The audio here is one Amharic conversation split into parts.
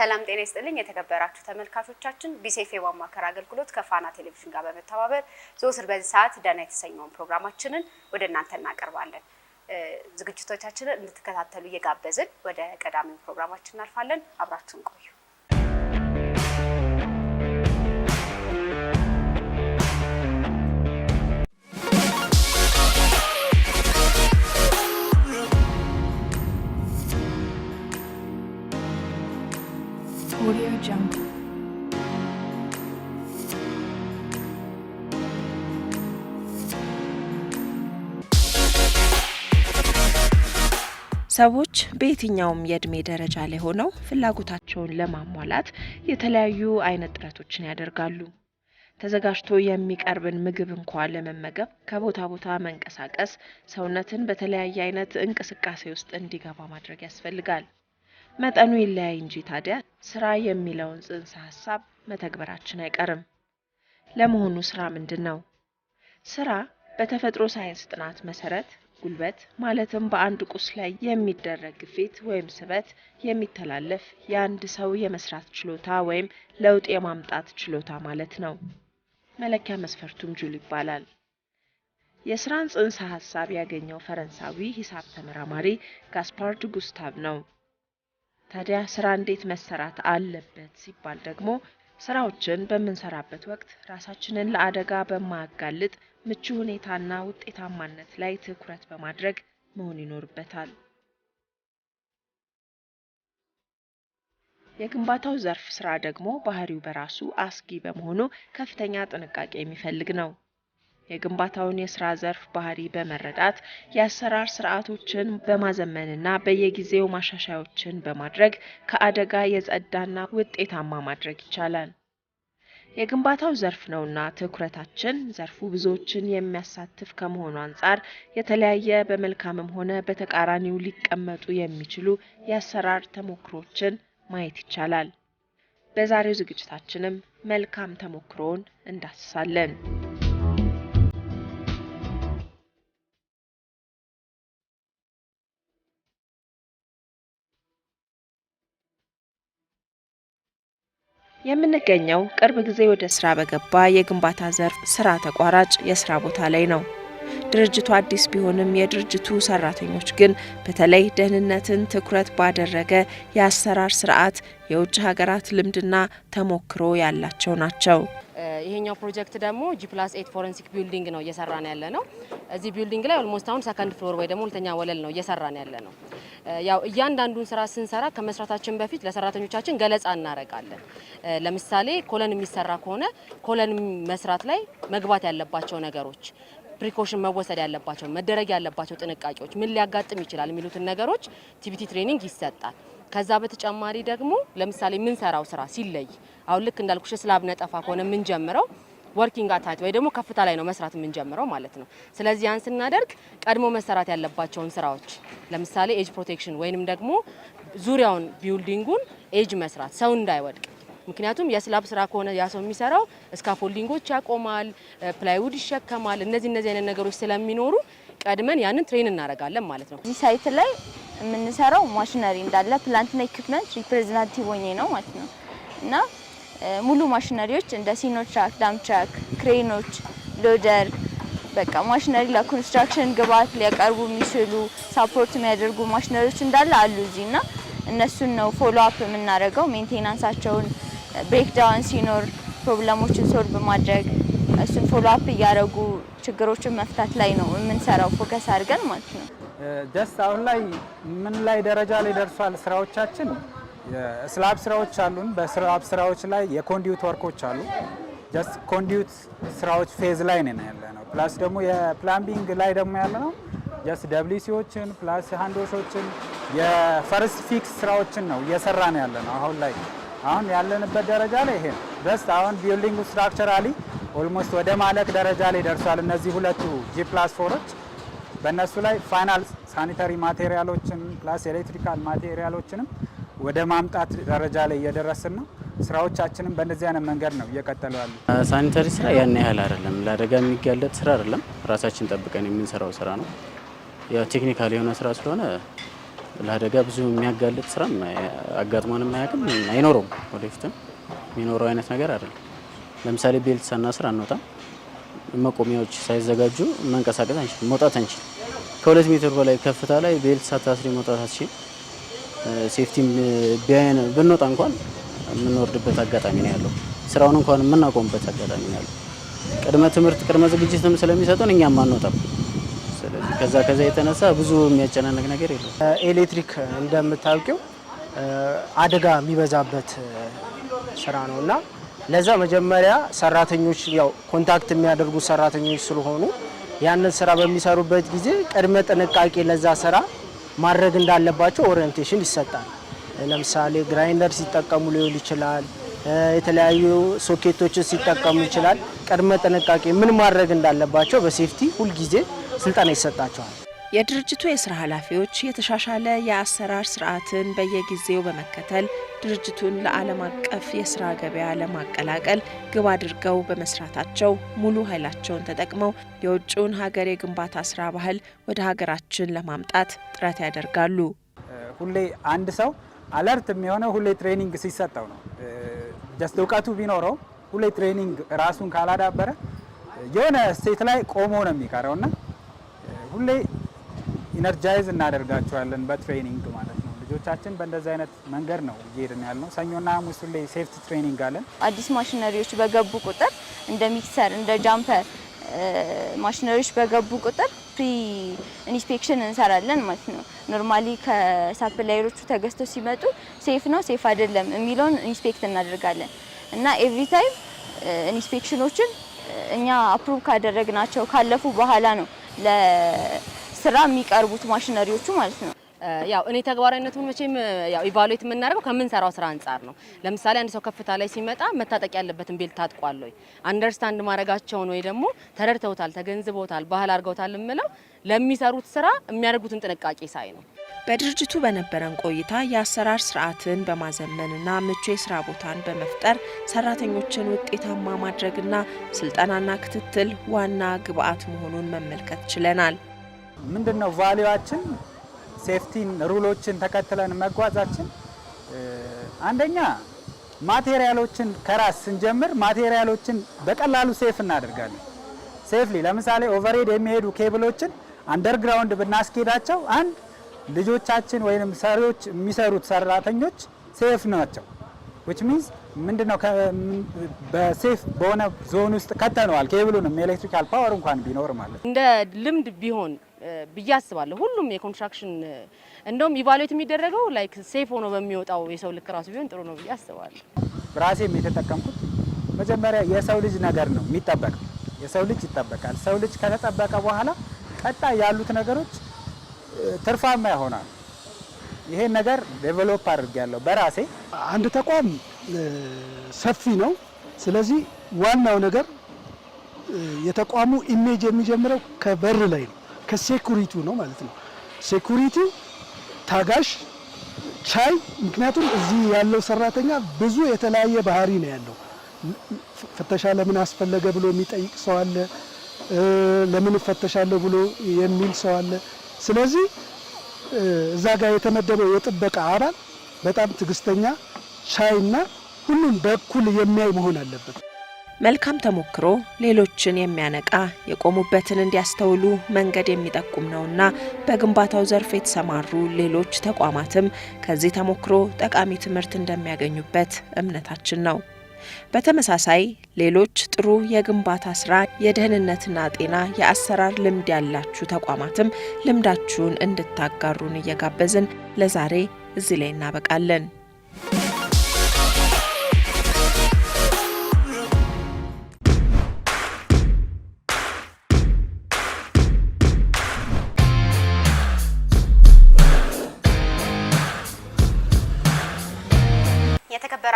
ሰላም ጤና ይስጥልኝ። የተከበራችሁ ተመልካቾቻችን ቢሴፌ ማማከር አገልግሎት ከፋና ቴሌቪዥን ጋር በመተባበር ዘወትር በዚህ ሰዓት ደህና የተሰኘውን ፕሮግራማችንን ወደ እናንተ እናቀርባለን። ዝግጅቶቻችንን እንድትከታተሉ እየጋበዝን ወደ ቀዳሚው ፕሮግራማችን እናልፋለን። አብራችሁን ቆዩ። Audio ሰዎች በየትኛውም የእድሜ ደረጃ ላይ ሆነው ፍላጎታቸውን ለማሟላት የተለያዩ አይነት ጥረቶችን ያደርጋሉ። ተዘጋጅቶ የሚቀርብን ምግብ እንኳ ለመመገብ ከቦታ ቦታ መንቀሳቀስ፣ ሰውነትን በተለያየ አይነት እንቅስቃሴ ውስጥ እንዲገባ ማድረግ ያስፈልጋል። መጠኑ ይለያይ እንጂ ታዲያ ስራ የሚለውን ጽንሰ ሀሳብ መተግበራችን አይቀርም። ለመሆኑ ስራ ምንድን ነው? ስራ በተፈጥሮ ሳይንስ ጥናት መሰረት ጉልበት ማለትም በአንድ ቁስ ላይ የሚደረግ ግፊት ወይም ስበት የሚተላለፍ የአንድ ሰው የመስራት ችሎታ ወይም ለውጥ የማምጣት ችሎታ ማለት ነው። መለኪያ መስፈርቱም ጁል ይባላል። የስራን ጽንሰ ሀሳብ ያገኘው ፈረንሳዊ ሂሳብ ተመራማሪ ጋስፓርድ ጉስታቭ ነው። ታዲያ ስራ እንዴት መሰራት አለበት ሲባል ደግሞ ስራዎችን በምንሰራበት ወቅት ራሳችንን ለአደጋ በማያጋልጥ ምቹ ሁኔታና ውጤታማነት ላይ ትኩረት በማድረግ መሆን ይኖርበታል። የግንባታው ዘርፍ ስራ ደግሞ ባህሪው በራሱ አስጊ በመሆኑ ከፍተኛ ጥንቃቄ የሚፈልግ ነው። የግንባታውን የስራ ዘርፍ ባህሪ በመረዳት የአሰራር ስርዓቶችን በማዘመንና በየጊዜው ማሻሻያዎችን በማድረግ ከአደጋ የጸዳና ውጤታማ ማድረግ ይቻላል። የግንባታው ዘርፍ ነውና ትኩረታችን ዘርፉ ብዙዎችን የሚያሳትፍ ከመሆኑ አንጻር የተለያየ በመልካምም ሆነ በተቃራኒው ሊቀመጡ የሚችሉ የአሰራር ተሞክሮችን ማየት ይቻላል። በዛሬው ዝግጅታችንም መልካም ተሞክሮውን እንዳስሳለን። የምንገኘው ቅርብ ጊዜ ወደ ስራ በገባ የግንባታ ዘርፍ ስራ ተቋራጭ የስራ ቦታ ላይ ነው። ድርጅቱ አዲስ ቢሆንም የድርጅቱ ሰራተኞች ግን በተለይ ደህንነትን ትኩረት ባደረገ የአሰራር ስርዓት የውጭ ሀገራት ልምድና ተሞክሮ ያላቸው ናቸው። ይሄኛው ፕሮጀክት ደግሞ ጂ ፕላስ ኤት ፎረንሲክ ቢልዲንግ ነው እየሰራን ያለ ነው። እዚህ ቢልዲንግ ላይ ኦልሞስት አሁን ሰከንድ ፍሎር ወይ ደግሞ ሁለተኛ ወለል ነው እየሰራን ያለ ነው። ያው እያንዳንዱን ስራ ስንሰራ ከመስራታችን በፊት ለሰራተኞቻችን ገለጻ እናደርጋለን። ለምሳሌ ኮለን የሚሰራ ከሆነ ኮለን መስራት ላይ መግባት ያለባቸው ነገሮች ፕሪኮሽን መወሰድ ያለባቸው መደረግ ያለባቸው ጥንቃቄዎች ምን ሊያጋጥም ይችላል የሚሉትን ነገሮች ቲቪቲ ትሬኒንግ ይሰጣል። ከዛ በተጨማሪ ደግሞ ለምሳሌ የምንሰራው ስራ ሲለይ አሁን ልክ እንዳልኩሽ ስላብ ነጠፋ ከሆነ የምንጀምረው ወርኪንግ አታች ወይ ደግሞ ከፍታ ላይ ነው መስራት የምንጀምረው ማለት ነው። ስለዚህ ያን ስናደርግ ቀድሞ መሰራት ያለባቸውን ስራዎች ለምሳሌ ኤጅ ፕሮቴክሽን ወይንም ደግሞ ዙሪያውን ቢውልዲንጉን ኤጅ መስራት ሰው እንዳይወድቅ ምክንያቱም የስላብ ስራ ከሆነ ያ ሰው የሚሰራው ስካፎልዲንጎች ያቆማል፣ ፕላይውድ ይሸከማል። እነዚህ እነዚህ አይነት ነገሮች ስለሚኖሩ ቀድመን ያንን ትሬን እናደርጋለን ማለት ነው። እዚህ ሳይት ላይ የምንሰራው ማሽነሪ እንዳለ ፕላንትና ኢኩፕመንት ሪፕሬዘንታቲቭ ሆኜ ነው ማለት ነው እና ሙሉ ማሽነሪዎች እንደ ዳም ትራክ፣ ክሬኖች፣ ሎደር በቃ ማሽነሪ ለኮንስትራክሽን ግብዓት ሊያቀርቡ የሚችሉ ሳፖርት የሚያደርጉ ማሽነሪዎች እንዳለ አሉ እዚህ እና እነሱን ነው ፎሎ አፕ የምናደርገው ሜንቴናንሳቸውን ብሬክዳውን ሲኖር ፕሮብለሞችን ሶልቭ ማድረግ እሱን ፎሎአፕ እያደረጉ ችግሮችን መፍታት ላይ ነው የምንሰራው ፎከስ አድርገን ማለት ነው። ደስ አሁን ላይ ምን ላይ ደረጃ ላይ ደርሷል ስራዎቻችን? ስላብ ስራዎች አሉን። በስላብ ስራዎች ላይ የኮንዲዩት ወርኮች አሉ። ጀስት ኮንዲዩት ስራዎች ፌዝ ላይ ነን ያለ ነው። ፕላስ ደግሞ የፕላምቢንግ ላይ ደግሞ ያለ ነው። ጀስት ደብሊሲዎችን ፕላስ ሃንዶሶችን የፈርስት ፊክስ ስራዎችን ነው እየሰራ ነው ያለ ነው አሁን ላይ አሁን ያለንበት ደረጃ ላይ ይሄ ነው። አሁን ቢልዲንጉ ስትራክቸራሊ ኦልሞስት ወደ ማለቅ ደረጃ ላይ ደርሷል። እነዚህ ሁለቱ ጂ ፕላስ ፎሮች በእነሱ ላይ ፋይናል ሳኒታሪ ማቴሪያሎችን ፕላስ ኤሌክትሪካል ማቴሪያሎችንም ወደ ማምጣት ደረጃ ላይ እየደረስን ነው። ስራዎቻችንም በእንደዚህ አይነት መንገድ ነው እየቀጠሉ ያሉ። ሳኒታሪ ስራ ያን ያህል አይደለም፣ ለአደጋ የሚጋለጥ ስራ አይደለም። ራሳችን ጠብቀን የምንሰራው ስራ ነው። ያው ቴክኒካል የሆነ ስራ ስለሆነ ለአደጋ ብዙ የሚያጋልጥ ስራም አጋጥሞንም አያውቅም፣ አይኖረውም፣ ወደፊትም የሚኖረው አይነት ነገር አይደለም። ለምሳሌ ቤልት ሳናስር አንወጣም። መቆሚያዎች ሳይዘጋጁ መንቀሳቀስ አንችል፣ መውጣት አንችል። ከሁለት ሜትር በላይ ከፍታ ላይ ቤልት ሳታስሪ መውጣት አትችልም። ሴፍቲ ብንወጣ እንኳን የምንወርድበት አጋጣሚ ነው ያለው። ስራውን እንኳን የምናቆምበት አጋጣሚ ነው ያለው። ቅድመ ትምህርት ቅድመ ዝግጅትም ስለሚሰጡን እኛም አንወጣም። ስለዚህ ከዛ ከዛ የተነሳ ብዙ የሚያጨናነቅ ነገር የለም። ኤሌክትሪክ እንደምታውቂው አደጋ የሚበዛበት ስራ ነው እና ለዛ መጀመሪያ ሰራተኞች ያው ኮንታክት የሚያደርጉ ሰራተኞች ስለሆኑ ያንን ስራ በሚሰሩበት ጊዜ ቅድመ ጥንቃቄ ለዛ ስራ ማድረግ እንዳለባቸው ኦሪየንቴሽን ይሰጣል። ለምሳሌ ግራይንደር ሲጠቀሙ ሊሆን ይችላል፣ የተለያዩ ሶኬቶችን ሲጠቀሙ ይችላል። ቅድመ ጥንቃቄ ምን ማድረግ እንዳለባቸው በሴፍቲ ሁልጊዜ ስልጠና ይሰጣቸዋል። የድርጅቱ የስራ ኃላፊዎች የተሻሻለ የአሰራር ስርዓትን በየጊዜው በመከተል ድርጅቱን ለዓለም አቀፍ የስራ ገበያ ለማቀላቀል ግብ አድርገው በመስራታቸው ሙሉ ኃይላቸውን ተጠቅመው የውጭውን ሀገር የግንባታ ስራ ባህል ወደ ሀገራችን ለማምጣት ጥረት ያደርጋሉ። ሁሌ አንድ ሰው አለርት የሚሆነው ሁሌ ትሬኒንግ ሲሰጠው ነው። ጀስት እውቀቱ ቢኖረው ሁሌ ትሬኒንግ ራሱን ካላዳበረ የሆነ ስቴት ላይ ቆሞ ነው የሚቀረውና ሁሌ ኢነርጃይዝ እናደርጋቸዋለን በትሬኒንግ ማለት ነው። ልጆቻችን በእንደዚህ አይነት መንገድ ነው እየሄድን ነው። ሰኞና ሐሙስ ሁሌ ሴፍቲ ትሬኒንግ አለን። አዲስ ማሽነሪዎች በገቡ ቁጥር እንደ ሚክሰር፣ እንደ ጃምፐር ማሽነሪዎች በገቡ ቁጥር ፕሪ ኢንስፔክሽን እንሰራለን ማለት ነው። ኖርማሊ ከሳፕላየሮቹ ተገዝተው ሲመጡ ሴፍ ነው ሴፍ አይደለም የሚለውን ኢንስፔክት እናደርጋለን እና ኤቭሪ ታይም ኢንስፔክሽኖችን እኛ አፕሩቭ ካደረግናቸው ካለፉ በኋላ ነው ለስራ የሚቀርቡት ማሽነሪዎቹ ማለት ነው። ያው እኔ ተግባራዊነቱን መቼም ያው ኢቫሉዌት የምናደርገው ከምንሰራው ስራ አንጻር ነው። ለምሳሌ አንድ ሰው ከፍታ ላይ ሲመጣ መታጠቅ ያለበትን ቤል ታጥቋል ወይ፣ አንደርስታንድ ማድረጋቸውን ወይ ደግሞ ተረድተውታል፣ ተገንዝበውታል፣ ባህል አድርገውታል የምለው ለሚሰሩት ስራ የሚያደርጉትን ጥንቃቄ ሳይ ነው። በድርጅቱ በነበረን ቆይታ የአሰራር ስርዓትን በማዘመንና ምቹ የስራ ቦታን በመፍጠር ሰራተኞችን ውጤታማ ማድረግና ስልጠናና ክትትል ዋና ግብአት መሆኑን መመልከት ችለናል። ምንድን ነው ቫሊዋችን? ሴፍቲን ሩሎችን ተከትለን መጓዛችን አንደኛ ማቴሪያሎችን ከራስ ስንጀምር ማቴሪያሎችን በቀላሉ ሴፍ እናደርጋለን። ሴፍሊ ለምሳሌ ኦቨርሄድ የሚሄዱ ኬብሎችን አንደርግራውንድ ብናስኬዳቸው አንድ ልጆቻችን ወይም ሰሪዎች የሚሰሩት ሰራተኞች ሴፍ ናቸው። ዊች ሚንስ ምንድነው በሴፍ በሆነ ዞን ውስጥ ከተነዋል። ኬብሉንም ኤሌክትሪካል ፓወር እንኳን ቢኖር ማለት እንደ ልምድ ቢሆን ብዬ አስባለሁ። ሁሉም የኮንስትራክሽን እንደውም ኢቫሉዌት የሚደረገው ላይክ ሴፍ ሆኖ በሚወጣው የሰው ልክ ራሱ ቢሆን ጥሩ ነው ብዬ አስባለሁ። ራሴም የተጠቀምኩት መጀመሪያ የሰው ልጅ ነገር ነው የሚጠበቅ የሰው ልጅ ይጠበቃል። ሰው ልጅ ከተጠበቀ በኋላ ቀጣይ ያሉት ነገሮች ትርፋማ ይሆናል። ይሄን ነገር ዴቨሎፕ አድርጌያለሁ በራሴ። አንድ ተቋም ሰፊ ነው። ስለዚህ ዋናው ነገር የተቋሙ ኢሜጅ የሚጀምረው ከበር ላይ ነው፣ ከሴኩሪቲው ነው ማለት ነው። ሴኩሪቲ ታጋሽ፣ ቻይ። ምክንያቱም እዚህ ያለው ሰራተኛ ብዙ የተለያየ ባህሪ ነው ያለው። ፍተሻ ለምን አስፈለገ ብሎ የሚጠይቅ ሰው አለ። ለምን እፈተሻለሁ ብሎ የሚል ሰው አለ። ስለዚህ እዛ ጋር የተመደበው የጥበቃ አባል በጣም ትግስተኛ ሻይና ሁሉም በኩል የሚያይ መሆን አለበት። መልካም ተሞክሮ ሌሎችን የሚያነቃ የቆሙበትን እንዲያስተውሉ መንገድ የሚጠቁም ነውና በግንባታው ዘርፍ የተሰማሩ ሌሎች ተቋማትም ከዚህ ተሞክሮ ጠቃሚ ትምህርት እንደሚያገኙበት እምነታችን ነው። በተመሳሳይ ሌሎች ጥሩ የግንባታ ስራ፣ የደህንነትና ጤና የአሰራር ልምድ ያላችሁ ተቋማትም ልምዳችሁን እንድታጋሩን እየጋበዝን ለዛሬ እዚህ ላይ እናበቃለን።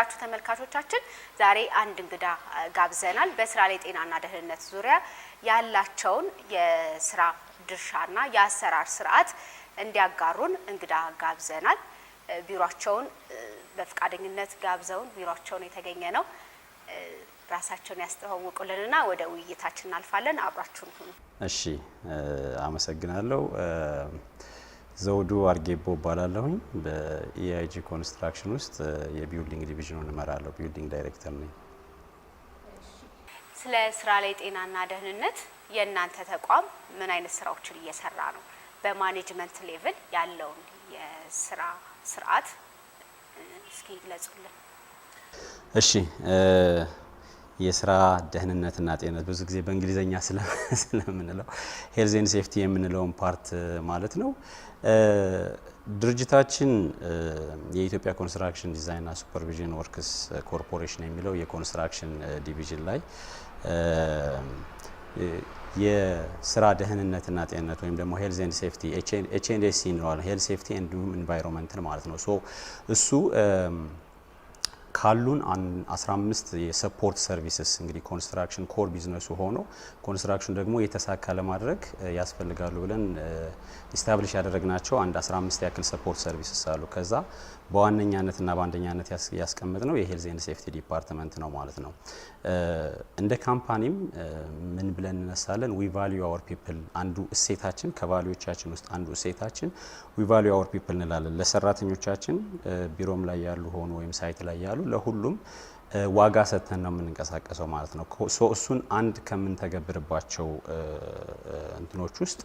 የተከበራችሁ ተመልካቾቻችን ዛሬ አንድ እንግዳ ጋብዘናል። በስራ ላይ ጤናና ደህንነት ዙሪያ ያላቸውን የስራ ድርሻና የአሰራር ስርዓት እንዲያጋሩን እንግዳ ጋብዘናል። ቢሮቸውን በፈቃደኝነት ጋብዘውን ቢሮቸውን የተገኘ ነው። ራሳቸውን ያስተዋውቁልንና ወደ ውይይታችን እናልፋለን። አብራችሁን ሁኑ። እሺ፣ አመሰግናለሁ። ዘውዱ አርጌቦ እባላለሁኝ። በኢአይጂ ኮንስትራክሽን ውስጥ የቢውልዲንግ ዲቪዥኑን እመራለሁ። ቢውልዲንግ ዳይሬክተር ነኝ። ስለ ስራ ላይ ጤናና ደህንነት የእናንተ ተቋም ምን አይነት ስራዎችን እየሰራ ነው? በማኔጅመንት ሌቭል ያለውን የስራ ስርዓት እስኪ ይግለጹልን። እሺ የስራ ደህንነትና ጤንነት ብዙ ጊዜ በእንግሊዝኛ ስለምንለው ሄልዜን ሴፍቲ የምንለውን ፓርት ማለት ነው። ድርጅታችን የኢትዮጵያ ኮንስትራክሽን ዲዛይንና ሱፐርቪዥን ወርክስ ኮርፖሬሽን የሚለው የኮንስትራክሽን ዲቪዥን ላይ የስራ ደህንነትና ጤንነት ወይም ደግሞ ሄልዝ ኤንድ ሴፍቲ ኤች ኤንድ ኤስ እንለዋለን። ሄልዝ ሴፍቲ ኤንድ ኢንቫይሮንመንትን ማለት ነው። ሶ እሱ ካሉን 15 የሰፖርት ሰርቪስስ እንግዲህ ኮንስትራክሽን ኮር ቢዝነሱ ሆኖ ኮንስትራክሽን ደግሞ የተሳካ ለማድረግ ያስፈልጋሉ ብለን ኢስታብሊሽ ያደረግናቸው አንድ 15 ያክል ሰፖርት ሰርቪስስ አሉ። ከዛ በዋነኛነትና በአንደኛነት ያስቀምጥ ነው የሄልዝ ኤንድ ሴፍቲ ዲፓርትመንት ነው ማለት ነው። እንደ ካምፓኒም ምን ብለን እንነሳለን? ዊ ቫሉ አወር ፒፕል አንዱ እሴታችን ከቫሉዎቻችን ውስጥ አንዱ እሴታችን ዊ ቫሉ አወር ፒፕል እንላለን። ለሰራተኞቻችን ቢሮም ላይ ያሉ ሆኑ ወይም ሳይት ላይ ያሉ ለሁሉም ዋጋ ሰጥተን ነው የምንንቀሳቀሰው ማለት ነው። እሱን አንድ ከምንተገብርባቸው እንትኖች ውስጥ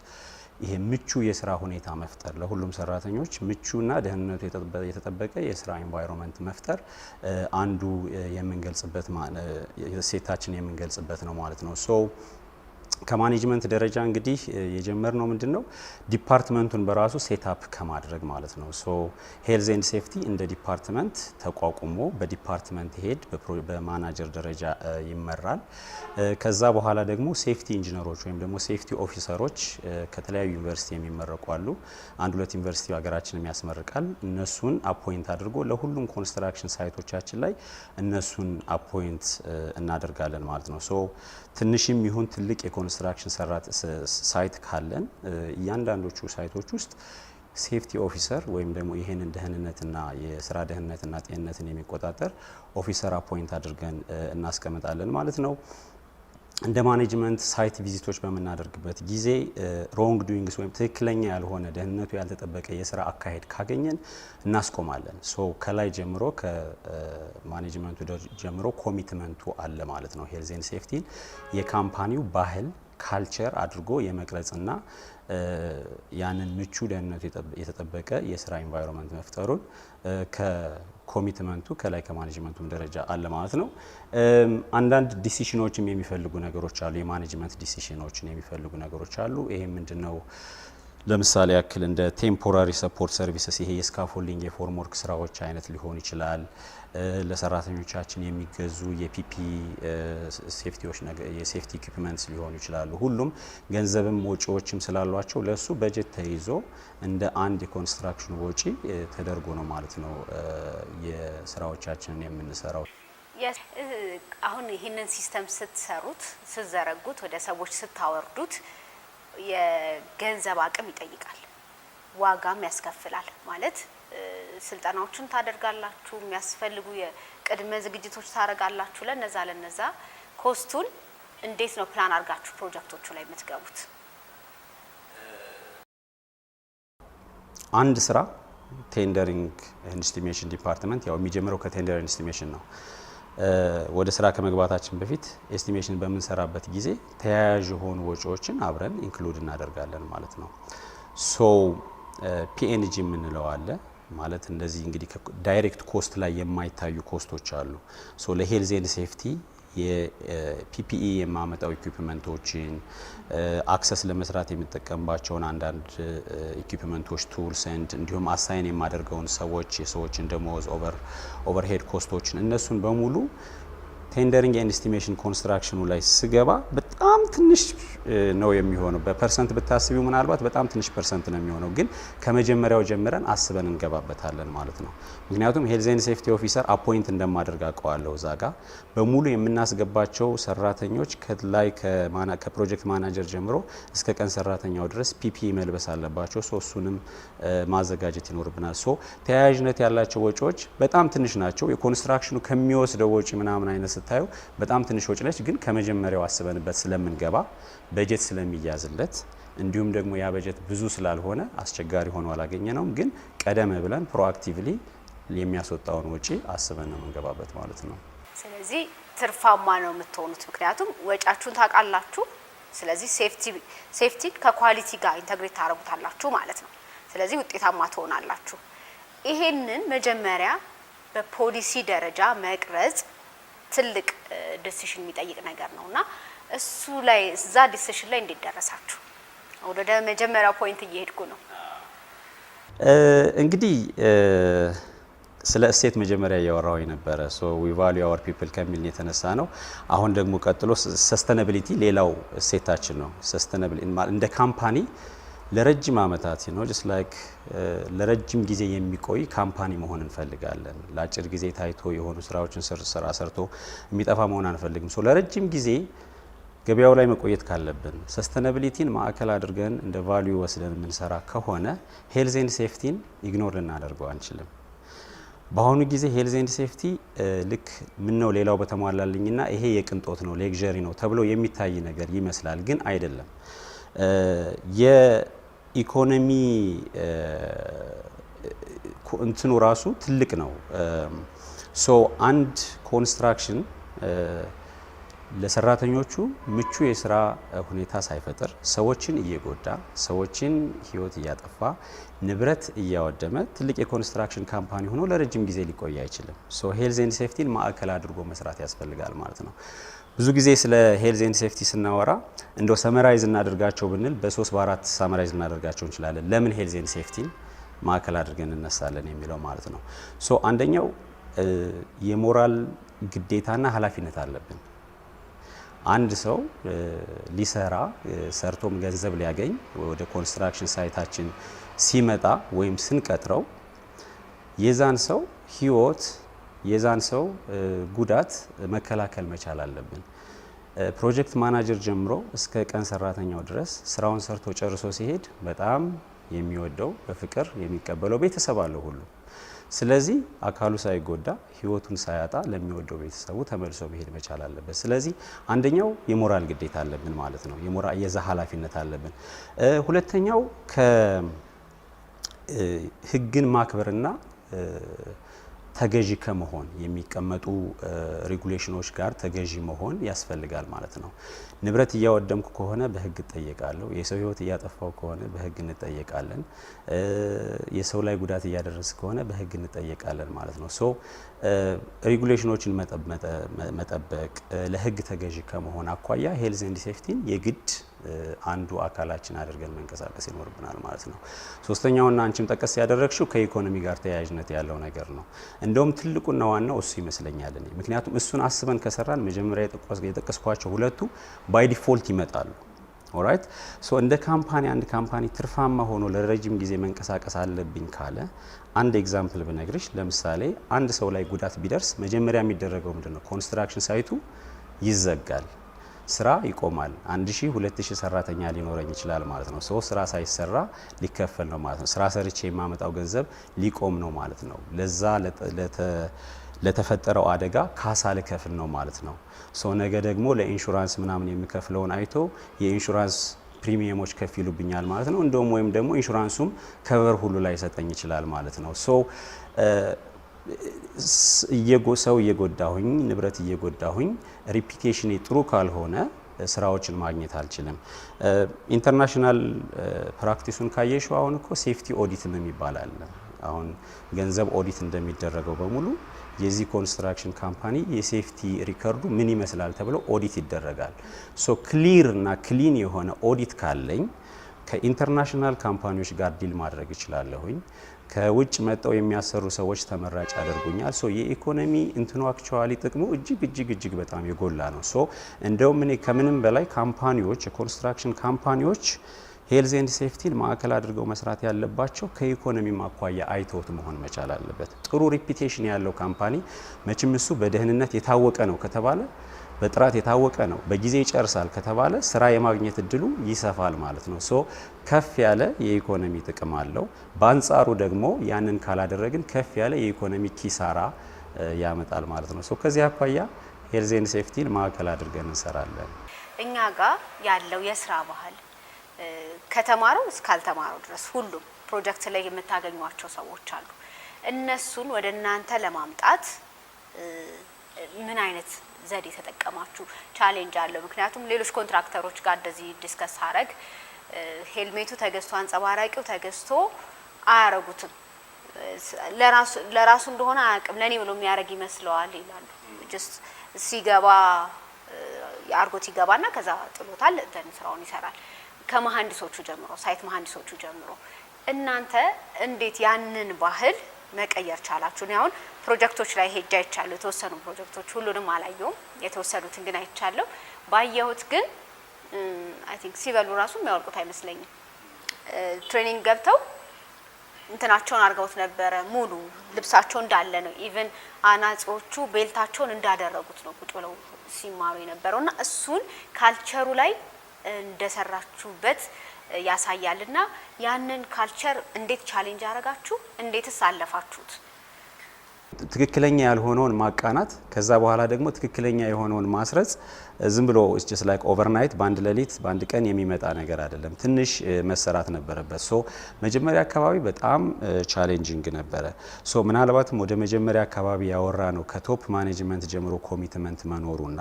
ይሄ ምቹ የስራ ሁኔታ መፍጠር ለሁሉም ሰራተኞች ምቹና ደህንነቱ የተጠበቀ የስራ ኤንቫይሮንመንት መፍጠር አንዱ የምንገልጽበት ሴታችን የምንገልጽበት ነው ማለት ነው። ከማኔጅመንት ደረጃ እንግዲህ የጀመርነው ምንድን ነው ዲፓርትመንቱን በራሱ ሴታፕ ከማድረግ ማለት ነው። ሶ ሄልዝ ኤንድ ሴፍቲ እንደ ዲፓርትመንት ተቋቁሞ በዲፓርትመንት ሄድ በማናጀር ደረጃ ይመራል። ከዛ በኋላ ደግሞ ሴፍቲ ኢንጂነሮች ወይም ደግሞ ሴፍቲ ኦፊሰሮች ከተለያዩ ዩኒቨርሲቲ የሚመረቁ አሉ። አንድ ሁለት ዩኒቨርሲቲ ሀገራችንም ያስመርቃል። እነሱን አፖይንት አድርጎ ለሁሉም ኮንስትራክሽን ሳይቶቻችን ላይ እነሱን አፖይንት እናደርጋለን ማለት ነው ሶ ትንሽም ይሁን ትልቅ የኮንስትራክሽን ሳይት ካለን እያንዳንዶቹ ሳይቶች ውስጥ ሴፍቲ ኦፊሰር ወይም ደግሞ ይህንን ደህንነትና የስራ ደህንነትና ጤንነትን የሚቆጣጠር ኦፊሰር አፖይንት አድርገን እናስቀምጣለን ማለት ነው። እንደ ማኔጅመንት ሳይት ቪዚቶች በምናደርግበት ጊዜ ሮንግ ዱዊንግስ ወይም ትክክለኛ ያልሆነ ደህንነቱ ያልተጠበቀ የስራ አካሄድ ካገኘን እናስቆማለን። ሶ ከላይ ጀምሮ ከማኔጅመንቱ ጀምሮ ኮሚትመንቱ አለ ማለት ነው። ሄልዝን ሴፍቲን የካምፓኒው ባህል ካልቸር አድርጎ የመቅረጽና ያንን ምቹ ደህንነቱ የተጠበቀ የስራ ኢንቫይሮንመንት መፍጠሩን ከኮሚትመንቱ ከላይ ከማኔጅመንቱም ደረጃ አለ ማለት ነው። አንዳንድ ዲሲሽኖችም የሚፈልጉ ነገሮች አሉ። የማኔጅመንት ዲሲሽኖችን የሚፈልጉ ነገሮች አሉ። ይሄ ምንድን ነው? ለምሳሌ ያክል እንደ ቴምፖራሪ ሰፖርት ሰርቪስስ ይሄ የስካፎልዲንግ የፎርምወርክ ስራዎች አይነት ሊሆን ይችላል። ለሰራተኞቻችን የሚገዙ የፒፒ ሴፍቲዎች የሴፍቲ ኢኩፕመንትስ ሊሆኑ ይችላሉ። ሁሉም ገንዘብም ወጪዎችም ስላሏቸው ለእሱ በጀት ተይዞ እንደ አንድ የኮንስትራክሽን ወጪ ተደርጎ ነው ማለት ነው የስራዎቻችንን የምንሰራው። አሁን ይህንን ሲስተም ስትሰሩት ስትዘረጉት፣ ወደ ሰዎች ስታወርዱት የገንዘብ አቅም ይጠይቃል፣ ዋጋም ያስከፍላል ማለት ስልጠናዎችን ታደርጋላችሁ፣ የሚያስፈልጉ የቅድመ ዝግጅቶች ታደርጋላችሁ። ለነዛ ለነዛ ኮስቱን እንዴት ነው ፕላን አድርጋችሁ ፕሮጀክቶቹ ላይ የምትገቡት? አንድ ስራ ቴንደሪንግ ኢንስቲሜሽን ዲፓርትመንት ያው የሚጀምረው ከቴንደር ኢንስቲሜሽን ነው። ወደ ስራ ከመግባታችን በፊት ኤስቲሜሽን በምንሰራበት ጊዜ ተያያዥ የሆኑ ወጪዎችን አብረን ኢንክሉድ እናደርጋለን ማለት ነው። ሶ ፒኤንጂ የምንለው አለ ማለት እንደዚህ እንግዲህ ዳይሬክት ኮስት ላይ የማይታዩ ኮስቶች አሉ። ሶ ለሄልዝ ኤንድ ሴፍቲ የፒፒኢ የማመጣው ኢኩፕመንቶችን አክሰስ ለመስራት የምጠቀምባቸውን አንዳንድ ኢኩፕመንቶች ቱልስ ንድ እንዲሁም አሳይን የማደርገውን ሰዎች የሰዎችን ደሞዝ ኦቨርሄድ ኮስቶችን እነሱን በሙሉ ቴንደሪንግ ኤንድ ኢስቲሜሽን ኮንስትራክሽኑ ላይ ስገባ በጣም ትንሽ ነው የሚሆነው። በፐርሰንት ብታስቢው ምናልባት በጣም ትንሽ ፐርሰንት ነው የሚሆነው፣ ግን ከመጀመሪያው ጀምረን አስበን እንገባበታለን ማለት ነው። ምክንያቱም ሄልዝን ሴፍቲ ኦፊሰር አፖይንት እንደማደርግ አውቀዋለሁ። እዛ ጋ በሙሉ የምናስገባቸው ሰራተኞች ከላይ ከፕሮጀክት ማናጀር ጀምሮ እስከ ቀን ሰራተኛው ድረስ ፒፒ መልበስ አለባቸው። ሶ እሱንም ማዘጋጀት ይኖርብናል። ሶ ተያያዥነት ያላቸው ወጪዎች በጣም ትንሽ ናቸው። የኮንስትራክሽኑ ከሚወስደው ወጪ ምናምን አይነት ስታዩ በጣም ትንሽ ወጪ ነች፣ ግን ከመጀመሪያው አስበንበት ስለምንገባ በጀት ስለሚያዝለት እንዲሁም ደግሞ ያ በጀት ብዙ ስላልሆነ አስቸጋሪ ሆኖ አላገኘ ነውም፣ ግን ቀደም ብለን ፕሮአክቲቭሊ የሚያስወጣውን ወጪ አስበን ነው የምንገባበት ማለት ነው። ስለዚህ ትርፋማ ነው የምትሆኑት፣ ምክንያቱም ወጫችሁን ታውቃላችሁ። ስለዚህ ሴፍቲን ከኳሊቲ ጋር ኢንተግሬት ታደረጉታላችሁ ማለት ነው። ስለዚህ ውጤታማ ትሆናላችሁ። ይሄንን መጀመሪያ በፖሊሲ ደረጃ መቅረጽ ትልቅ ዲሲሽን የሚጠይቅ ነገር ነው እና እሱ ላይ እዛ ዲሲሽን ላይ እንዴት ደረሳችሁ? ወደ መጀመሪያው ፖይንት እየሄድኩ ነው። እንግዲህ ስለ እሴት መጀመሪያ እያወራው የነበረ ዊ ቫሊዩ አወር ፒፕል ከሚል የተነሳ ነው። አሁን ደግሞ ቀጥሎ ሰስተናብሊቲ ሌላው እሴታችን ነው። እንደ ካምፓኒ ለረጅም ዓመታት ነው ጀስት ላይክ uh, ለረጅም ጊዜ የሚቆይ ካምፓኒ መሆን እንፈልጋለን። ለአጭር ጊዜ ታይቶ የሆኑ ስራዎችን ስራ ሰርቶ የሚጠፋ መሆን አንፈልግም። ሶ ለረጅም ጊዜ ገበያው ላይ መቆየት ካለብን ሰስተናብሊቲን ማዕከል አድርገን እንደ ቫልዩ ወስደን የምንሰራ ከሆነ ሄልዝ ኤንድ ሴፍቲን ኢግኖር ልናደርገው አንችልም። በአሁኑ ጊዜ ሄልዝ ኤንድ ሴፍቲ ልክ ምን ነው ሌላው በተሟላልኝና ይሄ የቅንጦት ነው ሌግዠሪ ነው ተብሎ የሚታይ ነገር ይመስላል፣ ግን አይደለም። uh, ኢኮኖሚ እንትኑ ራሱ ትልቅ ነው። ሶ አንድ ኮንስትራክሽን ለሰራተኞቹ ምቹ የስራ ሁኔታ ሳይፈጥር ሰዎችን እየጎዳ ሰዎችን ህይወት እያጠፋ ንብረት እያወደመ ትልቅ የኮንስትራክሽን ካምፓኒ ሆኖ ለረጅም ጊዜ ሊቆይ አይችልም። ሶ ሄልዝ ኤንድ ሴፍቲን ማዕከል አድርጎ መስራት ያስፈልጋል ማለት ነው። ብዙ ጊዜ ስለ ሄልዝ ኤንድ ሴፍቲ ስናወራ እንደ ሰመራይዝ እናደርጋቸው ብንል በሶስት በአራት ሰመራይዝ እናደርጋቸው እንችላለን። ለምን ሄልዝ ኤንድ ሴፍቲን ማዕከል አድርገን እነሳለን የሚለው ማለት ነው። ሶ አንደኛው የሞራል ግዴታና ኃላፊነት አለብን። አንድ ሰው ሊሰራ ሰርቶም ገንዘብ ሊያገኝ ወደ ኮንስትራክሽን ሳይታችን ሲመጣ ወይም ስንቀጥረው የዛን ሰው ህይወት የዛን ሰው ጉዳት መከላከል መቻል አለብን። ፕሮጀክት ማናጀር ጀምሮ እስከ ቀን ሰራተኛው ድረስ ስራውን ሰርቶ ጨርሶ ሲሄድ በጣም የሚወደው በፍቅር የሚቀበለው ቤተሰብ አለው ሁሉ። ስለዚህ አካሉ ሳይጎዳ ህይወቱን ሳያጣ ለሚወደው ቤተሰቡ ተመልሶ መሄድ መቻል አለበት። ስለዚህ አንደኛው የሞራል ግዴታ አለብን ማለት ነው፣ የዛ ኃላፊነት አለብን። ሁለተኛው ከህግን ማክበርና ተገዢ ከመሆን የሚቀመጡ ሬጉሌሽኖች ጋር ተገዢ መሆን ያስፈልጋል ማለት ነው። ንብረት እያወደምኩ ከሆነ በህግ እጠየቃለሁ። የሰው ህይወት እያጠፋው ከሆነ በህግ እንጠየቃለን። የሰው ላይ ጉዳት እያደረስ ከሆነ በህግ እንጠየቃለን ማለት ነው። ሶ ሬጉሌሽኖችን መጠበቅ ለህግ ተገዢ ከመሆን አኳያ ሄልዝ ኤንድ ሴፍቲን የግድ አንዱ አካላችን አድርገን መንቀሳቀስ ይኖርብናል ማለት ነው። ሶስተኛውና አንቺም ጠቀስ ያደረግሽው ከኢኮኖሚ ጋር ተያያዥነት ያለው ነገር ነው። እንደውም ትልቁና ዋናው እሱ ይመስለኛል እኔ ምክንያቱም እሱን አስበን ከሰራን መጀመሪያ የጠቀስኳቸው ሁለቱ ባይ ዲፎልት ይመጣሉ። ኦራይት ሶ እንደ ካምፓኒ አንድ ካምፓኒ ትርፋማ ሆኖ ለረጅም ጊዜ መንቀሳቀስ አለብኝ ካለ አንድ ኤግዛምፕል ብነግርሽ፣ ለምሳሌ አንድ ሰው ላይ ጉዳት ቢደርስ መጀመሪያ የሚደረገው ምንድነው? ኮንስትራክሽን ሳይቱ ይዘጋል። ስራ ይቆማል። አንድ ሺ ሁለት ሺ ሰራተኛ ሊኖረኝ ይችላል ማለት ነው። ሰው ስራ ሳይሰራ ሊከፈል ነው ማለት ነው። ስራ ሰርቼ የማመጣው ገንዘብ ሊቆም ነው ማለት ነው። ለዛ ለተፈጠረው አደጋ ካሳ ልከፍል ነው ማለት ነው። ሰው ነገ ደግሞ ለኢንሹራንስ ምናምን የሚከፍለውን አይቶ የኢንሹራንስ ፕሪሚየሞች ከፍ ይሉብኛል ማለት ነው። እንደውም ወይም ደግሞ ኢንሹራንሱም ከቨር ሁሉ ላይ ሰጠኝ ይችላል ማለት ነው። ሶ ሰው እየጎዳሁኝ ንብረት እየጎዳሁኝ ሪፒቴሽኔ ጥሩ ካልሆነ ስራዎችን ማግኘት አልችልም። ኢንተርናሽናል ፕራክቲሱን ካየሽው አሁን እኮ ሴፍቲ ኦዲትም የሚባል አለ። አሁን ገንዘብ ኦዲት እንደሚደረገው በሙሉ የዚህ ኮንስትራክሽን ካምፓኒ የሴፍቲ ሪከርዱ ምን ይመስላል ተብሎ ኦዲት ይደረጋል። ሶ ክሊር እና ክሊን የሆነ ኦዲት ካለኝ ከኢንተርናሽናል ካምፓኒዎች ጋር ዲል ማድረግ እችላለሁኝ። ከውጭ መጠው የሚያሰሩ ሰዎች ተመራጭ ያደርጉኛል። ሶ የኢኮኖሚ እንትኑ አክቹዋሊ ጥቅሙ እጅግ እጅግ እጅግ በጣም የጎላ ነው። ሶ እንደውም እኔ ከምንም በላይ ካምፓኒዎች የኮንስትራክሽን ካምፓኒዎች ሄልዝ ኤንድ ሴፍቲን ማዕከል አድርገው መስራት ያለባቸው ከኢኮኖሚ አኳያ አይተውት መሆን መቻል አለበት። ጥሩ ሪፒቴሽን ያለው ካምፓኒ መቼም እሱ በደህንነት የታወቀ ነው ከተባለ በጥራት የታወቀ ነው፣ በጊዜ ይጨርሳል ከተባለ ስራ የማግኘት እድሉ ይሰፋል ማለት ነው። ሶ ከፍ ያለ የኢኮኖሚ ጥቅም አለው። በአንጻሩ ደግሞ ያንን ካላደረግን ከፍ ያለ የኢኮኖሚ ኪሳራ ያመጣል ማለት ነው። ሶ ከዚህ አኳያ ሄልዜን ሴፍቲን ማዕከል አድርገን እንሰራለን። እኛ ጋር ያለው የስራ ባህል ከተማረው እስካልተማረው ድረስ ሁሉም ፕሮጀክት ላይ የምታገኟቸው ሰዎች አሉ። እነሱን ወደ እናንተ ለማምጣት ምን አይነት ዘዴ ተጠቀማችሁ ቻሌንጅ አለው። ምክንያቱም ሌሎች ኮንትራክተሮች ጋር እንደዚህ ዲስከስ አረግ ሄልሜቱ ተገዝቶ አንጸባራቂው ተገዝቶ አያረጉትም። ለራሱ እንደሆነ አያውቅም። ለኔ ብሎ የሚያደርግ ይመስለዋል ይላሉ። ጀስት ሲገባ አርጎት ይገባና ከዛ ጥሎታል። ደን ስራውን ይሰራል። ከመሀንዲሶቹ ጀምሮ ሳይት መሀንዲሶቹ ጀምሮ እናንተ እንዴት ያንን ባህል መቀየር ቻላችሁ? እኔ አሁን ፕሮጀክቶች ላይ ሄጄ አይቻለሁ። የተወሰኑ ፕሮጀክቶች ሁሉንም አላየሁም፣ የተወሰኑትን ግን አይቻለሁ። ባየሁት ግን አይ ቲንክ ሲበሉ ራሱ የሚያወልቁት አይመስለኝም። ትሬኒንግ ገብተው እንትናቸውን አድርገውት ነበረ። ሙሉ ልብሳቸው እንዳለ ነው። ኢቨን አናጺዎቹ ቤልታቸውን እንዳደረጉት ነው ቁጭ ብለው ሲማሩ የነበረው እና እሱን ካልቸሩ ላይ እንደሰራችሁበት ያሳያል። እና ያንን ካልቸር እንዴት ቻሌንጅ አረጋችሁ? እንዴትስ አለፋችሁት? ትክክለኛ ያልሆነውን ማቃናት ከዛ በኋላ ደግሞ ትክክለኛ የሆነውን ማስረጽ ዝም ብሎ ስ ላይክ ኦቨርናይት በአንድ ሌሊት በአንድ ቀን የሚመጣ ነገር አይደለም። ትንሽ መሰራት ነበረበት። ሶ መጀመሪያ አካባቢ በጣም ቻሌንጂንግ ነበረ። ሶ ምናልባትም ወደ መጀመሪያ አካባቢ ያወራ ነው ከቶፕ ማኔጅመንት ጀምሮ ኮሚትመንት መኖሩና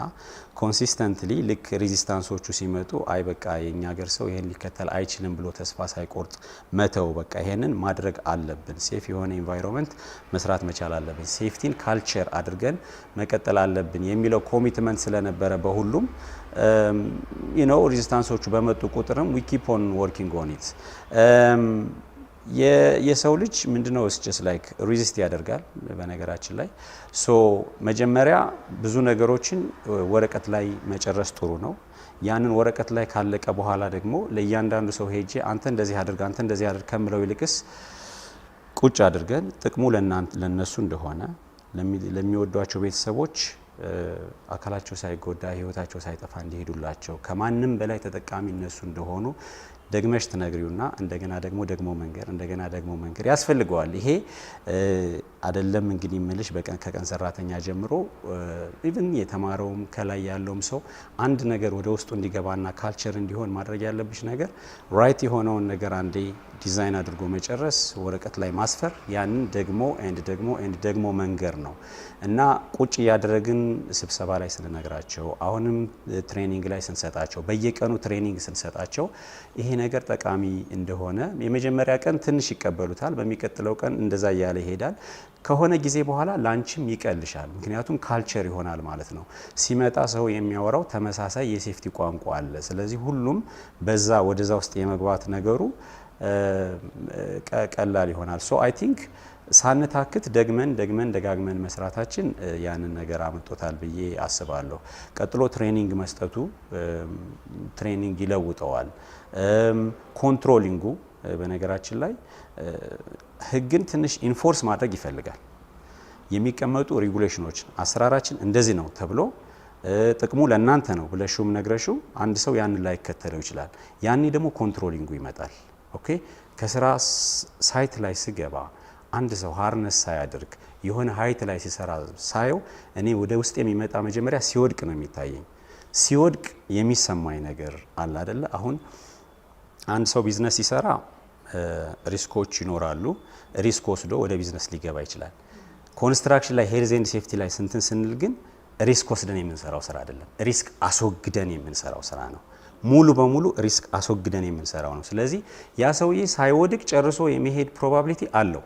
ኮንሲስተንትሊ ልክ ሬዚስታንሶቹ ሲመጡ አይ በቃ የኛ ገር ሰው ይሄን ሊከተል አይችልም ብሎ ተስፋ ሳይቆርጥ መተው፣ በቃ ይሄንን ማድረግ አለብን፣ ሴፍ የሆነ ኢንቫይሮንመንት መስራት መቻል አለብን፣ ሴፍቲን ካልቸር አድርገን መቀጠል አለብን የሚለው ኮሚትመንት ስለነበረ በሁሉ ሁሉም ነው ሬዚስታንሶቹ በመጡ ቁጥርም ዊ ወርኪንግ ኦን ኢት። የሰው ልጅ ምንድነው ስጀስ ላይክ ሪዚስት ያደርጋል። በነገራችን ላይ ሶ መጀመሪያ ብዙ ነገሮችን ወረቀት ላይ መጨረስ ጥሩ ነው። ያንን ወረቀት ላይ ካለቀ በኋላ ደግሞ ለእያንዳንዱ ሰው ሄጄ አንተ እንደዚህ አድርግ፣ አንተ እንደዚህ አድርግ ከምለው ይልቅስ ቁጭ አድርገን ጥቅሙ ለእነሱ እንደሆነ ለሚወዷቸው ቤተሰቦች አካላቸው ሳይጎዳ ህይወታቸው ሳይጠፋ እንዲሄዱላቸው ከማንም በላይ ተጠቃሚ እነሱ እንደሆኑ ደግመሽ ትነግሪውና እንደገና ደግሞ ደግሞ መንገር እንደገና ደግሞ መንገር ያስፈልገዋል። ይሄ አደለም እንግዲህ ምልሽ በቀን ከቀን ሰራተኛ ጀምሮ ኢቭን የተማረውም ከላይ ያለውም ሰው አንድ ነገር ወደ ውስጡ እንዲገባና ካልቸር እንዲሆን ማድረግ ያለብሽ ነገር ራይት የሆነውን ነገር አንዴ ዲዛይን አድርጎ መጨረስ፣ ወረቀት ላይ ማስፈር፣ ያንን ደግሞ ኤንድ ደግሞ ኤንድ ደግሞ መንገር ነው እና ቁጭ እያደረግን ስብሰባ ላይ ስንነግራቸው፣ አሁንም ትሬኒንግ ላይ ስንሰጣቸው፣ በየቀኑ ትሬኒንግ ስንሰጣቸው ይሄ ነገር ጠቃሚ እንደሆነ የመጀመሪያ ቀን ትንሽ ይቀበሉታል። በሚቀጥለው ቀን እንደዛ እያለ ይሄዳል። ከሆነ ጊዜ በኋላ ላንችም ይቀልሻል። ምክንያቱም ካልቸር ይሆናል ማለት ነው። ሲመጣ ሰው የሚያወራው ተመሳሳይ የሴፍቲ ቋንቋ አለ። ስለዚህ ሁሉም በዛ ወደዛ ውስጥ የመግባት ነገሩ ቀላል ይሆናል። ሶ አይ ቲንክ ሳንታክት ደግመን ደግመን ደጋግመን መስራታችን ያንን ነገር አመጦታል ብዬ አስባለሁ። ቀጥሎ ትሬኒንግ መስጠቱ ትሬኒንግ ይለውጠዋል። ኮንትሮሊንጉ በነገራችን ላይ ህግን ትንሽ ኢንፎርስ ማድረግ ይፈልጋል። የሚቀመጡ ሬጉሌሽኖች አሰራራችን እንደዚህ ነው ተብሎ ጥቅሙ ለእናንተ ነው ብለሽውም ነግረሽው አንድ ሰው ያንን ላይከተለው ይችላል። ያኔ ደግሞ ኮንትሮሊንጉ ይመጣል። ኦኬ ከስራ ሳይት ላይ ስገባ አንድ ሰው ሀርነስ ሳያደርግ የሆነ ሀይት ላይ ሲሰራ ሳየው እኔ ወደ ውስጥ የሚመጣ መጀመሪያ ሲወድቅ ነው የሚታየኝ። ሲወድቅ የሚሰማኝ ነገር አለ አደለ? አሁን አንድ ሰው ቢዝነስ ሲሰራ ሪስኮች ይኖራሉ። ሪስክ ወስዶ ወደ ቢዝነስ ሊገባ ይችላል። ኮንስትራክሽን ላይ ሄልዝ ኤንድ ሴፍቲ ላይ ስንትን ስንል ግን ሪስክ ወስደን የምንሰራው ስራ አይደለም። ሪስክ አስወግደን የምንሰራው ስራ ነው። ሙሉ በሙሉ ሪስክ አስወግደን የምንሰራው ነው። ስለዚህ ያ ሰውዬ ሳይወድቅ ጨርሶ የመሄድ ፕሮባቢሊቲ አለው፣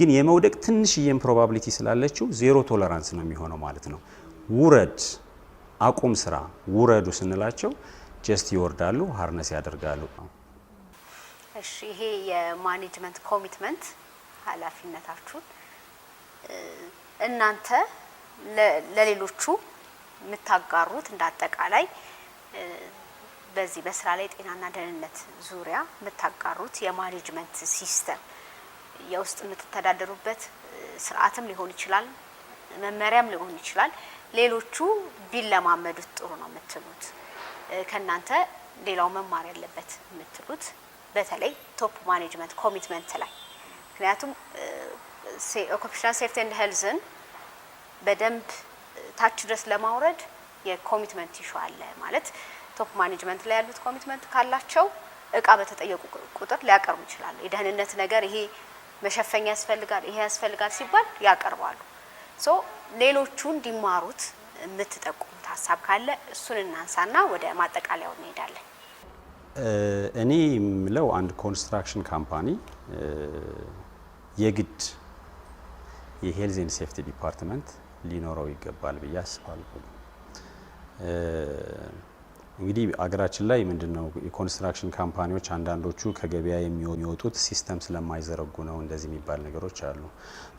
ግን የመውደቅ ትንሽዬም ፕሮባቢሊቲ ስላለችው ዜሮ ቶለራንስ ነው የሚሆነው ማለት ነው። ውረድ፣ አቁም ስራ፣ ውረዱ ስንላቸው ጀስት ይወርዳሉ፣ ሀርነስ ያደርጋሉ። እሺ፣ ይሄ የማኔጅመንት ኮሚትመንት ኃላፊነታችሁን እናንተ ለሌሎቹ የምታጋሩት እንዳጠቃላይ በዚህ በስራ ላይ ጤናና ደህንነት ዙሪያ የምታጋሩት የማኔጅመንት ሲስተም የውስጥ የምትተዳደሩበት ስርዓትም ሊሆን ይችላል፣ መመሪያም ሊሆን ይችላል። ሌሎቹ ቢለማመዱት ጥሩ ነው የምትሉት ከእናንተ ሌላው መማር ያለበት የምትሉት በተለይ ቶፕ ማኔጅመንት ኮሚትመንት ላይ ምክንያቱም ኦኩፔሽናል ሴፍቲ ኤንድ ሄልዝን በደንብ ታች ድረስ ለማውረድ የኮሚትመንት ይሸዋለ ማለት ቶፕ ማኔጅመንት ላይ ያሉት ኮሚትመንት ካላቸው እቃ በተጠየቁ ቁጥር ሊያቀርቡ ይችላሉ። የደህንነት ነገር ይሄ መሸፈኛ ያስፈልጋል፣ ይሄ ያስፈልጋል ሲባል ያቀርባሉ። ሶ ሌሎቹ እንዲማሩት የምትጠቁሙት ሀሳብ ካለ እሱን እናንሳና ወደ ማጠቃለያው እንሄዳለን። እኔ የምለው አንድ ኮንስትራክሽን ካምፓኒ የግድ የሄልዝ ኤንድ ሴፍቲ ዲፓርትመንት ሊኖረው ይገባል ብዬ አስባለሁ። እንግዲህ አገራችን ላይ ምንድን ነው የኮንስትራክሽን ካምፓኒዎች አንዳንዶቹ ከገበያ የሚወጡት ሲስተም ስለማይዘረጉ ነው እንደዚህ የሚባል ነገሮች አሉ።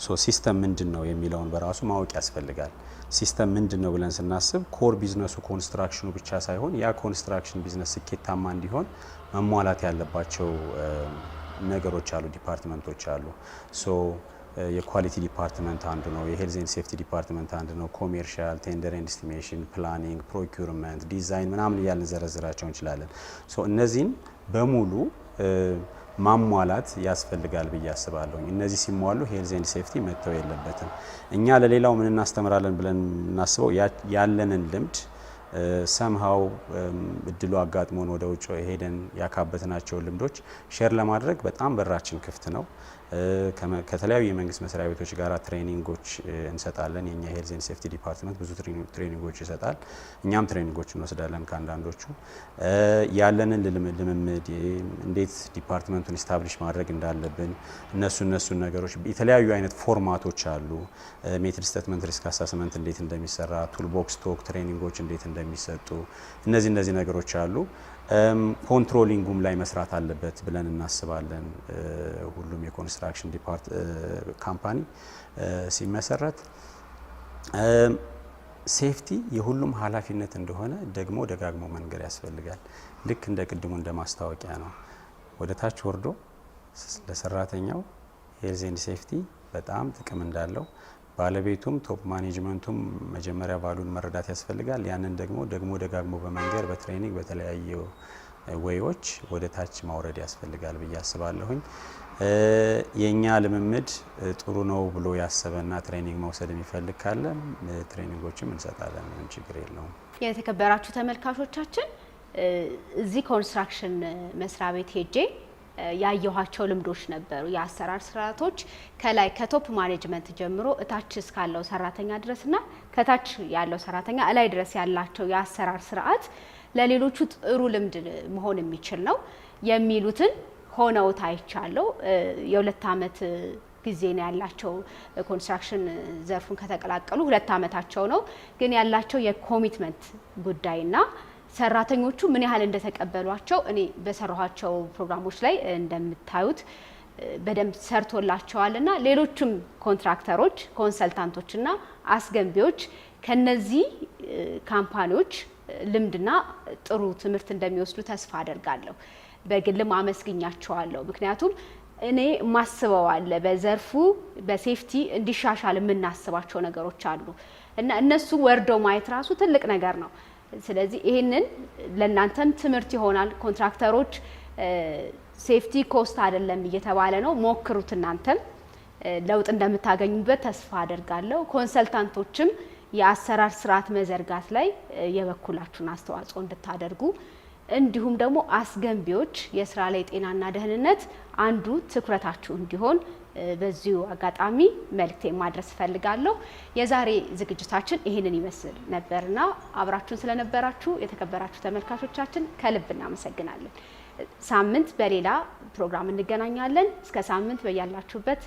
ሶ ሲስተም ምንድን ነው የሚለውን በራሱ ማወቅ ያስፈልጋል። ሲስተም ምንድን ነው ብለን ስናስብ ኮር ቢዝነሱ ኮንስትራክሽኑ ብቻ ሳይሆን ያ ኮንስትራክሽን ቢዝነስ ስኬታማ እንዲሆን መሟላት ያለባቸው ነገሮች አሉ፣ ዲፓርትመንቶች አሉ ሶ የኳሊቲ ዲፓርትመንት አንዱ ነው። የሄልዝ ኤንድ ሴፍቲ ዲፓርትመንት አንዱ ነው። ኮሜርሻል፣ ቴንደር ኤንድ ኢስቲሜሽን፣ ፕላኒንግ፣ ፕሮኪውርመንት፣ ዲዛይን ምናምን እያልን ዘረዝራቸው እንችላለን። እነዚህን በሙሉ ማሟላት ያስፈልጋል ብዬ አስባለሁ። እነዚህ ሲሟሉ ሄልዝ ኤንድ ሴፍቲ መተው የለበትም። እኛ ለሌላው ምን እናስተምራለን ብለን የምናስበው ያለንን ልምድ ሰምሃው እድሉ አጋጥሞን ወደ ውጭ ሄደን ያካበትናቸውን ልምዶች ሼር ለማድረግ በጣም በራችን ክፍት ነው። ከተለያዩ የመንግስት መስሪያ ቤቶች ጋር ትሬኒንጎች እንሰጣለን። የኛ ሄልዝ ኤንድ ሴፍቲ ዲፓርትመንት ብዙ ትሬኒንጎች ይሰጣል። እኛም ትሬኒንጎች እንወስዳለን ከአንዳንዶቹ ያለንን ልምምድ እንዴት ዲፓርትመንቱን ስታብሊሽ ማድረግ እንዳለብን እነሱ እነሱን ነገሮች የተለያዩ አይነት ፎርማቶች አሉ። ሜትድ ስተትመንት ሪስክ አሳስመንት እንዴት እንደሚሰራ፣ ቱልቦክስ ቶክ ትሬኒንጎች እንዴት እንደሚሰጡ እነዚህ እነዚህ ነገሮች አሉ። ኮንትሮሊንጉም ላይ መስራት አለበት ብለን እናስባለን። ሁሉም የኮንስትራክሽን ዲፓርት ካምፓኒ ሲመሰረት ሴፍቲ የሁሉም ኃላፊነት እንደሆነ ደግሞ ደጋግሞ መንገድ ያስፈልጋል። ልክ እንደ ቅድሙ እንደ ማስታወቂያ ነው። ወደ ታች ወርዶ ለሰራተኛው ሄልዝ ኤንድ ሴፍቲ በጣም ጥቅም እንዳለው ባለቤቱም ቶፕ ማኔጅመንቱም መጀመሪያ ባሉን መረዳት ያስፈልጋል። ያንን ደግሞ ደግሞ ደጋግሞ በመንገድ በትሬኒንግ በተለያዩ ወይዎች ወደ ታች ማውረድ ያስፈልጋል ብዬ አስባለሁኝ። የእኛ ልምምድ ጥሩ ነው ብሎ ያሰበና ትሬኒንግ መውሰድ የሚፈልግ ካለ ትሬኒንጎችም እንሰጣለን። ምን ችግር የለውም። የተከበራችሁ ተመልካቾቻችን እዚህ ኮንስትራክሽን መስሪያ ቤት ሄጄ ያየኋቸው ልምዶች ነበሩ። የአሰራር ስርዓቶች ከላይ ከቶፕ ማኔጅመንት ጀምሮ እታች እስካለው ሰራተኛ ድረስና ከታች ያለው ሰራተኛ እላይ ድረስ ያላቸው የአሰራር ስርዓት ለሌሎቹ ጥሩ ልምድ መሆን የሚችል ነው የሚሉትን ሆነው ታይቻለሁ። የሁለት ዓመት ጊዜ ነው ያላቸው። ኮንስትራክሽን ዘርፉን ከተቀላቀሉ ሁለት ዓመታቸው ነው። ግን ያላቸው የኮሚትመንት ጉዳይና ሰራተኞቹ ምን ያህል እንደተቀበሏቸው እኔ በሰራኋቸው ፕሮግራሞች ላይ እንደምታዩት በደንብ ሰርቶላቸዋል እና ሌሎችም ኮንትራክተሮች፣ ኮንሰልታንቶች እና አስገንቢዎች ከነዚህ ካምፓኒዎች ልምድና ጥሩ ትምህርት እንደሚወስዱ ተስፋ አደርጋለሁ። በግልም አመስግኛቸዋለሁ። ምክንያቱም እኔ ማስበው አለ በዘርፉ በሴፍቲ እንዲሻሻል የምናስባቸው ነገሮች አሉ እና እነሱ ወርደው ማየት ራሱ ትልቅ ነገር ነው። ስለዚህ ይህንን ለእናንተም ትምህርት ይሆናል። ኮንትራክተሮች ሴፍቲ ኮስት አይደለም እየተባለ ነው። ሞክሩት፣ እናንተም ለውጥ እንደምታገኙበት ተስፋ አደርጋለሁ። ኮንሰልታንቶችም የአሰራር ስርዓት መዘርጋት ላይ የበኩላችሁን አስተዋጽኦ እንድታደርጉ እንዲሁም ደግሞ አስገንቢዎች የስራ ላይ ጤናና ደህንነት አንዱ ትኩረታችሁ እንዲሆን በዚሁ አጋጣሚ መልእክቴ ማድረስ እፈልጋለሁ። የዛሬ ዝግጅታችን ይህንን ይመስል ነበርና አብራችሁን ስለነበራችሁ የተከበራችሁ ተመልካቾቻችን ከልብ እናመሰግናለን። ሳምንት በሌላ ፕሮግራም እንገናኛለን። እስከ ሳምንት በያላችሁበት